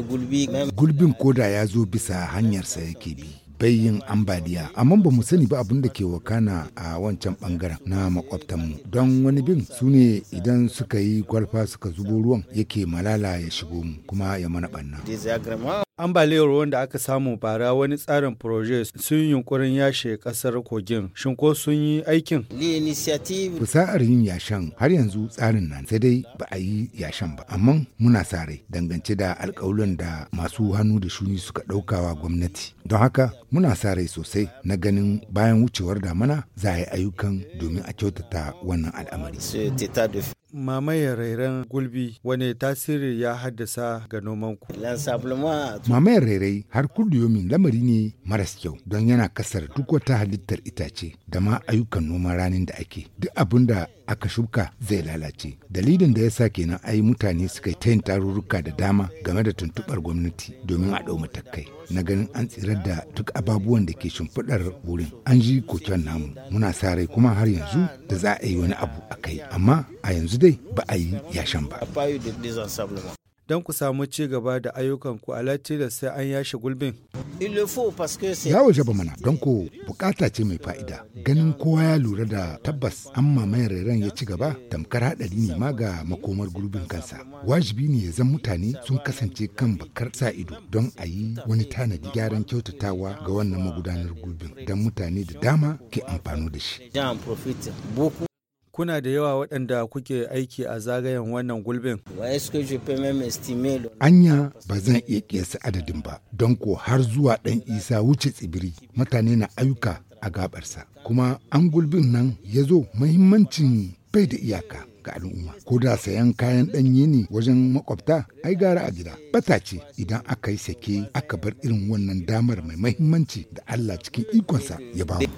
Gulbin koda ya zo bisa hanyarsa yake bi. bai yin ambaliya amma ba mu sani ba abin da ke wakana a wancan bangaren na makwabtanmu don wani bin su ne idan suka yi kwalfa suka zubo ruwan yake malala ya shigo mu kuma ya mana banna ambaliyar ruwan da aka samu bara wani tsarin proje sun yunkurin yashe kasar kogin shin ko sun yi aikin fusa'ar yin yashen har yanzu tsarin nan sai dai ba a yi yashen ba amma muna sa rai dangance da alkawuran da masu hannu da shuni suka ɗaukawa gwamnati don haka muna sa sosai na ganin bayan wucewar damana za a yi ayyukan domin a kyautata wannan al'amari Mamayar rairan gulbi wani tasiri ya haddasa ga nomanku? Mamayar rairai har kulliyomin lamari ne maras kyau don yana kasar duk wata halittar itace da ma ayyukan noman ranin da ake. Duk abin da aka shuka zai lalace. Dalilin da ya sa kenan ai mutane suka yi tayin tarurruka da dama game da tuntubar gwamnati domin a ɗau matakai. Na ganin an tsirar da duk ababuwan da ke shimfiɗar wurin. An ji koken namu. Muna sa rai kuma har yanzu da za a yi wani abu a kai. Amma a yanzu dai ba a yi yashen ba. Don ku samu ci gaba da ayyukanku alati da sai an yashe gulbin. Ya waje ba mana don ku bukata ce mai fa'ida. Ganin kowa ya lura da tabbas an mamaye rairan ya ci gaba tamkar haɗari ne ma ga makomar gulbin kansa. Wajibi ne ya zan mutane sun kasance kan bakar sa ido don a yi wani tanadi gyaran kyautatawa ga wannan magudanar gulbin don mutane da dama ke amfani da shi. kuna da yawa waɗanda kuke aiki a zagayen wannan gulbin? Anya ba zan iya ƙiyasa adadin ba, don ko har zuwa ɗan isa wuce tsibiri mutane na ayyuka a gabarsa. Kuma an gulbin nan ya zo mahimmancin bai da iyaka. ga al'umma ko da sayan kayan ɗanye ne wajen makwabta ai gara a gida bata ce idan aka yi sake aka bar irin wannan damar mai mahimmanci da Allah cikin ikonsa ya ba mu